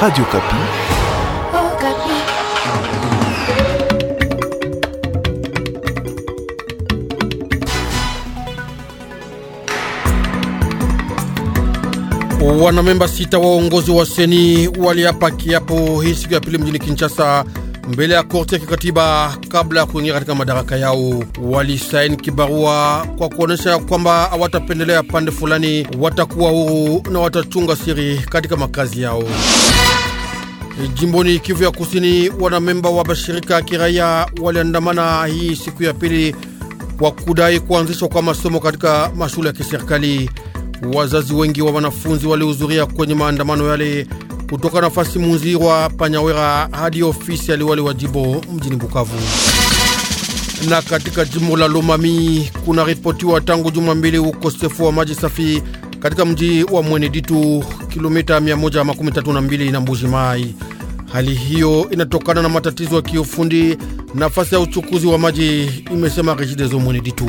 Radio Kapi. Oh, Kapi. Wanamemba sita wa uongozi wa seni waliapa kiapo hii siku ya pili mjini Kinshasa mbele ya korti ya kikatiba kabla ya kuingia katika madaraka yao. Walisaini kibarua kwa kuonyesha kwamba hawatapendelea pande fulani, watakuwa huru na watachunga siri katika makazi yao. Jimboni Kivu ya Kusini, wanamemba wa mashirika ya kiraia waliandamana hii siku ya pili kwa kudai kuanzishwa kwa masomo katika mashule ya kiserikali. Wazazi wengi wa wanafunzi walihudhuria kwenye maandamano yale kutoka nafasi muzirwa Panyawera hadi ofisi ya liwali wa jimbo mjini Bukavu. Na katika jimbo la Lomami kuna ripotiwa tangu juma mbili ukosefu wa maji safi katika mji wa Mweneditu, kilomita 132 na Mbuji Mai. Hali hiyo inatokana na matatizo ya kiufundi, nafasi ya uchukuzi wa maji, imesema Rejidezo Mweneditu.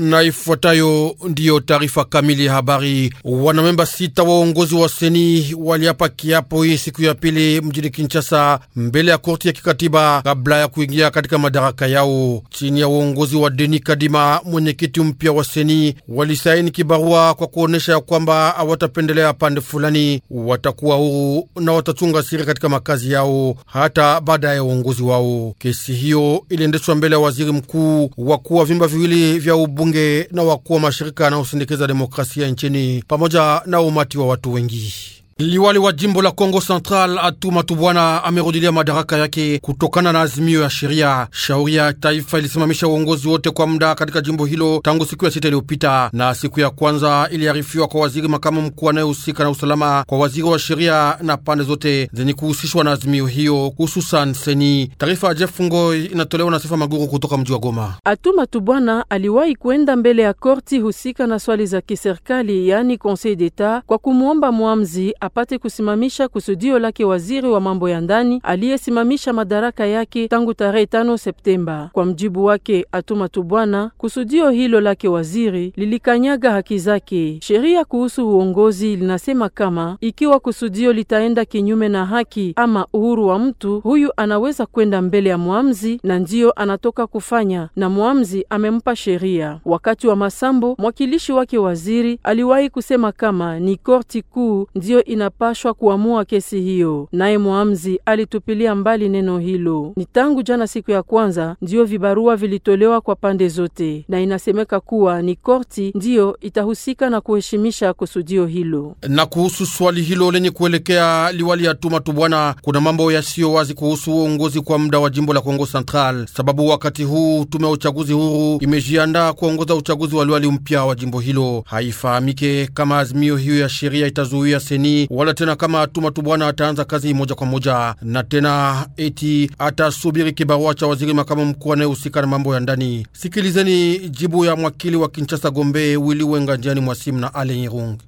na ifuatayo ndiyo taarifa kamili ya habari. Wanamemba sita wa uongozi wa seni waliapa kiapo hii siku ya pili mjini Kinshasa mbele ya korti ya kikatiba kabla ya kuingia katika madaraka yao. Chini ya uongozi wa Deni Kadima, mwenyekiti mpya wa seni, walisaini kibarua kwa kuonyesha ya kwamba hawatapendelea pande fulani, watakuwa huru na watachunga siri katika makazi yao hata baada ya uongozi wao. Kesi hiyo iliendeshwa mbele ya waziri mkuu, wakuu wa vyumba viwili vya ubunge wabunge na wakuu wa mashirika yanayosindikiza demokrasia nchini pamoja na umati wa watu wengi. Liwali wa jimbo la Kongo Central Atuma matubwana amerudilia madaraka yake kutokana na azimio ya sheria. Shauri ya taifa ilisimamisha uongozi wote kwa muda katika jimbo hilo tangu siku ya sita iliyopita, na siku ya kwanza iliarifiwa kwa waziri makamu mkuu anayehusika na usalama, kwa waziri wa sheria na pande zote zenye kuhusishwa na azimio hiyo, hususan seni. Taarifa ya Jeff Ngoi inatolewa na Sifa Maguru kutoka mji wa Goma. Atuma Tubwana aliwahi kwenda mbele ya korti husika na swali za kiserikali, yani Conseil d'Etat, kwa kumwomba mwamzi apate kusimamisha kusudio lake waziri wa mambo ya ndani aliyesimamisha madaraka yake tangu tarehe 5 Septemba. Kwa mjibu wake atuma tubwana kusudio hilo lake waziri lilikanyaga haki zake. Sheria kuhusu uongozi linasema kama ikiwa kusudio litaenda kinyume na haki ama uhuru wa mtu, huyu anaweza kwenda mbele ya mwamzi, na ndiyo anatoka kufanya, na mwamzi amempa sheria. Wakati wa masambo mwakilishi wake waziri aliwahi kusema kama ni korti kuu ndiyo inapashwa kuamua kesi hiyo. Naye mwamzi alitupilia mbali neno hilo. Ni tangu jana siku ya kwanza ndiyo vibarua vilitolewa kwa pande zote, na inasemeka kuwa ni korti ndiyo itahusika na kuheshimisha kusudio hilo. Na kuhusu swali hilo lenye kuelekea liwali ya tu Bwana, kuna mambo yasiyo wazi kuhusu uongozi kwa muda wa jimbo la Kongo Central, sababu wakati huu tume ya uchaguzi huru imejiandaa kuongoza uchaguzi wa liwali mpya wa jimbo hilo. Haifahamike kama azimio hiyo ya sheria itazuia seni wala tena kama tu Bwana ataanza kazi moja kwa moja, na tena eti atasubiri kibarua cha waziri makamu mkuu anayehusika na mambo ya ndani. Sikilizeni jibu ya mwakili wa Kinshasa Gombe Wili Wenga njiani mwasimu na Alen Irung.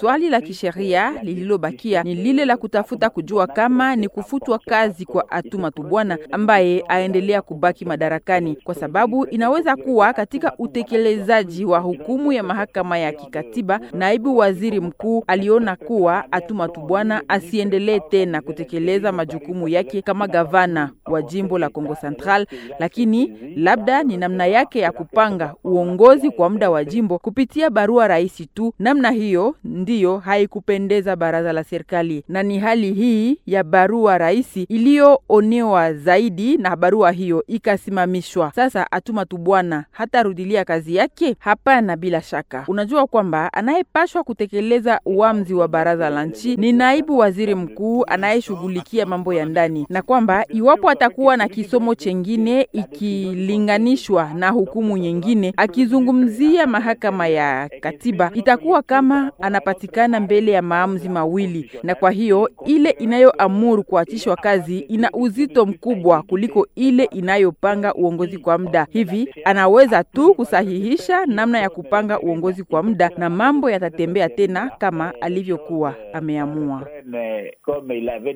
Swali la kisheria lililobakia ni lile la kutafuta kujua kama ni kufutwa kazi kwa Atuma Tubwana ambaye aendelea kubaki madarakani, kwa sababu inaweza kuwa katika utekelezaji wa hukumu ya mahakama ya kikatiba, naibu waziri mkuu aliona kuwa Atuma Tubwana asiendelee tena kutekeleza majukumu yake kama gavana wa jimbo la Kongo Central, lakini labda ni namna yake ya kupanga uongozi kwa muda wa jimbo kupitia baru barua rahisi tu. Namna hiyo ndiyo haikupendeza baraza la serikali, na ni hali hii ya barua rahisi iliyoonewa zaidi, na barua hiyo ikasimamishwa. Sasa Atuma tu bwana hatarudilia kazi yake? Hapana, bila shaka unajua kwamba anayepashwa kutekeleza uamuzi wa baraza la nchi ni naibu waziri mkuu anayeshughulikia mambo ya ndani, na kwamba iwapo atakuwa na kisomo chengine ikilinganishwa na hukumu nyingine akizungumzia mahakama ya katiba itakuwa kama anapatikana mbele ya maamuzi mawili, na kwa hiyo ile inayoamuru kuachishwa kazi ina uzito mkubwa kuliko ile inayopanga uongozi kwa muda. Hivi anaweza tu kusahihisha namna ya kupanga uongozi kwa muda, na mambo yatatembea tena kama alivyokuwa ameamua comme il avait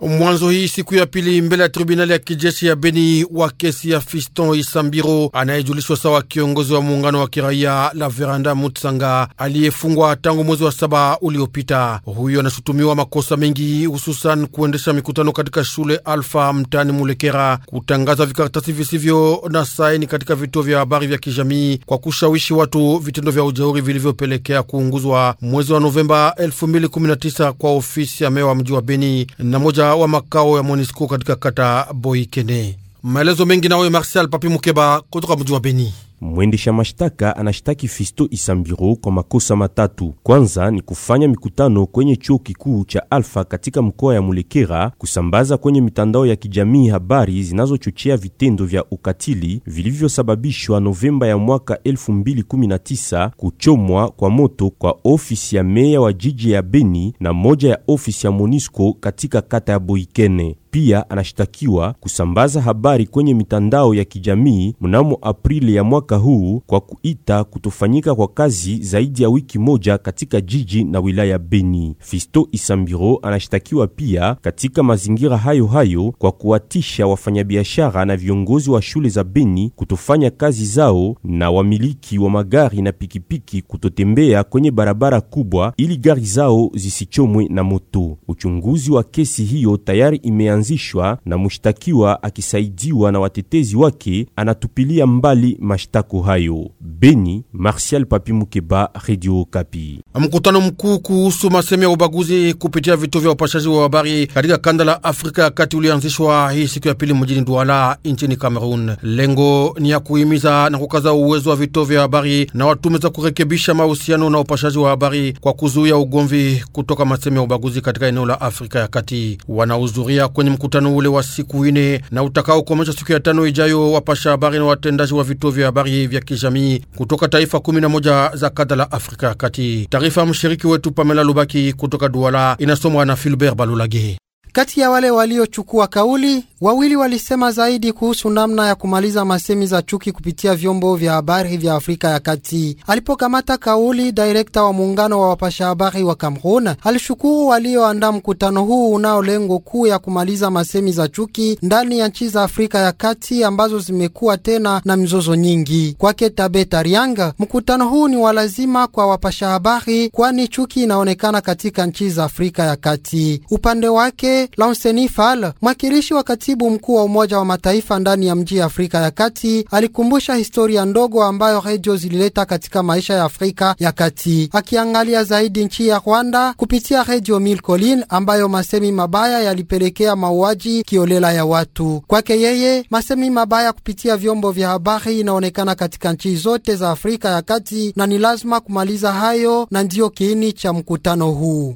Mwanzo hii siku ya pili mbele ya tribunali ya kijeshi ya Beni wa kesi ya Fiston Isambiro anayejulishwa sawa kiongozi wa muungano wa kiraia la Veranda Mutsanga aliyefungwa tangu mwezi wa saba uliopita. Huyo anashutumiwa makosa mengi, hususan kuendesha mikutano katika shule Alfa mtaani Mulekera, kutangaza vikaratasi visivyo na saini katika vituo vya habari vya kijamii, kwa kushawishi watu vitendo vya ujeuri vilivyopelekea kuunguzwa mwezi wa Novemba 2019 kwa ofisi ya mewa mji wa Beni na moja wa makao ya Monisco katika kata Boikene. Maelezo mengi nawe Marsial Papi Mukeba kutoka mji wa Beni. Mwendesha mashtaka anashtaki Fisto Isambiro kwa makosa matatu. Kwanza ni kufanya mikutano kwenye chuo kikuu cha Alfa katika mkoa ya Mulekera, kusambaza kwenye mitandao ya kijamii habari zinazochochea vitendo vya ukatili vilivyosababishwa Novemba ya mwaka 2019 kuchomwa kwa moto kwa ofisi ya meya wa jiji ya Beni na moja ya ofisi ya Monisco katika kata ya Boikene. Pia anashtakiwa kusambaza habari kwenye mitandao ya kijamii mnamo Aprili ya mwaka mwaka huu kwa kuita kutofanyika kwa kazi zaidi ya wiki moja katika jiji na wilaya Beni. Fisto Isambiro anashtakiwa pia katika mazingira hayo hayo kwa kuwatisha wafanyabiashara na viongozi wa shule za Beni kutofanya kazi zao na wamiliki wa magari na pikipiki kutotembea kwenye barabara kubwa ili gari zao zisichomwe na moto. Uchunguzi wa kesi hiyo tayari imeanzishwa na mshtakiwa akisaidiwa na watetezi wake anatupilia mbali mashtaka. Tako hayo Beni, Martial Papi Mukeba, Radio Kapi. Mkutano mkuu kuhusu masemi ya ubaguzi kupitia vituo vya upashaji wa habari katika kanda la Afrika ya Kati ulianzishwa hii siku ya pili mjini Douala nchini Cameroon. Lengo ni ya kuhimiza na kukaza uwezo wa vituo vya habari na watume za kurekebisha mahusiano na upashaji wa habari kwa kuzuia ugomvi kutoka masemi ya ubaguzi katika eneo la Afrika ya Kati. Wanahudhuria kwenye mkutano ule wa siku ine na utakaokomesha siku ya tano ijayo wapasha habari na watendaji wa vituo vya habari habari vya kijamii kutoka taifa 11 za kanda la Afrika ya Kati. Taarifa ya mshiriki wetu Pamela Lubaki kutoka Duala inasomwa na Filbert Balulage. Kati ya wale waliochukua kauli, wawili walisema zaidi kuhusu namna ya kumaliza masemi za chuki kupitia vyombo vya habari vya Afrika ya Kati. Alipokamata kauli, direkta wa muungano wa wapasha habari wa Cameroon alishukuru walioandaa mkutano huu unao lengo kuu ya kumaliza masemi za chuki ndani ya nchi za Afrika ya Kati ambazo zimekuwa tena na mizozo nyingi. Kwake Tabeta Rianga, mkutano huu ni wa lazima kwa wapasha habari, kwani chuki inaonekana katika nchi za Afrika ya Kati. Upande wake Laurent Fal, mwakilishi wa katibu mkuu wa Umoja wa Mataifa ndani ya mji ya Afrika ya Kati, alikumbusha historia ndogo ambayo redio zilileta katika maisha ya Afrika ya Kati, akiangalia zaidi nchi ya Rwanda kupitia redio Milcolin ambayo masemi mabaya yalipelekea mauaji kiolela ya watu. Kwake yeye, masemi mabaya kupitia vyombo vya habari inaonekana katika nchi zote za Afrika ya Kati na ni lazima kumaliza hayo, na ndiyo kiini cha mkutano huu.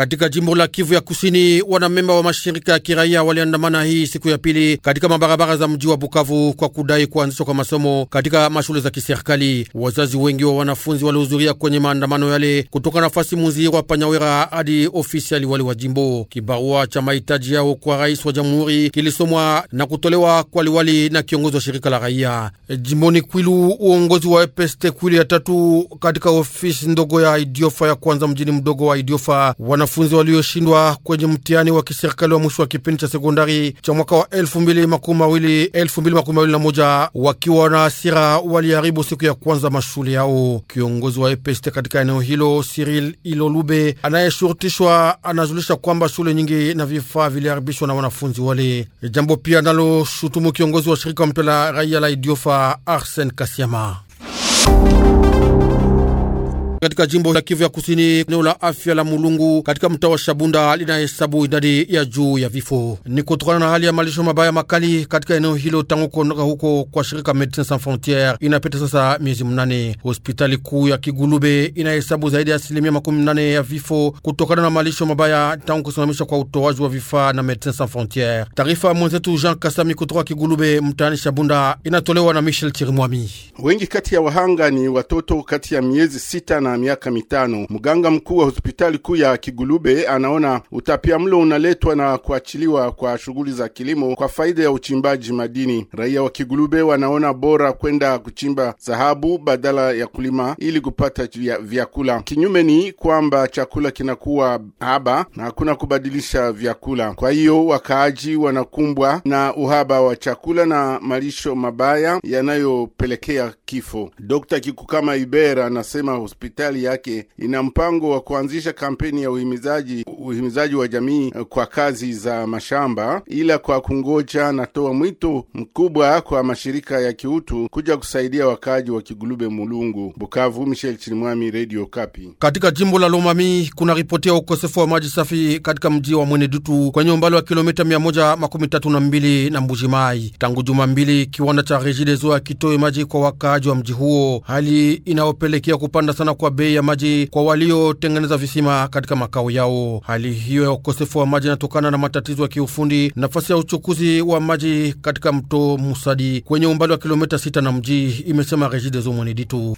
Katika jimbo la Kivu ya Kusini, wanamemba wa mashirika ya kiraia waliandamana hii siku ya pili katika mabarabara za mji wa Bukavu kwa kudai kuanzishwa kwa masomo katika mashule za kiserikali. Wazazi wengi wa wanafunzi walihudhuria kwenye maandamano yale kutoka nafasi wa Panyawera hadi ofisi ya liwali wa jimbo. Kibarua cha mahitaji yao kwa rais wa jamhuri kilisomwa na kutolewa kwa liwali na kiongozi wa shirika la raia jimboni Kwilu. Uongozi wa EPST Kwilu ya tatu katika ofisi ndogo ya Idiofa ya kwanza mjini mdogo wa Idiofa wana wanafunzi walioshindwa kwenye mtihani wa kiserikali wa mwisho wa kipindi cha sekondari cha mwaka wa 2020 wakiwa na hasira waliharibu siku ya kwanza mashule yao. Kiongozi wa EPST katika eneo hilo siril Ilolube anayeshurutishwa anajulisha kwamba shule nyingi na vifaa viliharibishwa na wanafunzi wale, jambo pia nalo shutumu kiongozi wa shirika mpya la raia la Idiofa Arsen Kasiama katika jimbo la Kivu ya Kusini, eneo la afya la Mulungu katika mtaa wa Shabunda linahesabu idadi ya juu ya vifo. Ni kutokana na hali ya malisho mabaya makali katika eneo hilo tangu kuondoka huko kwa shirika Medecins Sans Frontieres. Inapita sasa miezi mnane. Hospitali kuu ya Kigulube inahesabu zaidi ya asilimia makumi mnane ya vifo kutokana na malisho mabaya tangu kusimamishwa kwa utoaji wa vifaa na Medecins Sans Frontieres. Taarifa mwenzetu Jean Kasami kutoka Kigulube mtaani Shabunda inatolewa na Michel Chirimwami. Wengi kati ya wahanga ni watoto kati ya miezi sita na na miaka mitano. Mganga mkuu wa hospitali kuu ya Kigulube anaona utapia mlo unaletwa na kuachiliwa kwa shughuli za kilimo kwa faida ya uchimbaji madini. Raia wa Kigulube wanaona bora kwenda kuchimba dhahabu badala ya kulima ili kupata vyakula. Kinyume ni kwamba chakula kinakuwa haba na hakuna kubadilisha vyakula. Kwa hiyo wakaaji wanakumbwa na uhaba wa chakula na malisho mabaya yanayopelekea kifo. Dr. Kikukama Ibera anasema hospitali serikali yake ina mpango wa kuanzisha kampeni ya uhimizaji uhimizaji wa jamii kwa kazi za mashamba, ila kwa kungoja. Natoa mwito mkubwa kwa mashirika ya kiutu kuja kusaidia wakaaji wa Kigulube Mulungu. Bukavu, Michel Chirimwami, Radio Kapi. Katika jimbo la Lomami kuna ripoti ya ukosefu wa maji safi katika mji wa Mwenedutu kwenye umbali wa kilomita 132 na Mbujimai tangu juma mbili, kiwanda cha Regideso akitoe maji kwa wakaaji wa mji huo, hali inayopelekea kupanda sana kwa kwa bei ya maji kwa waliotengeneza visima katika makao yao. Hali hiyo ya ukosefu wa maji inatokana na matatizo ya kiufundi, nafasi ya uchukuzi wa maji katika mto Musadi kwenye umbali wa kilomita sita na mji, imesema Regideso Mweneditu.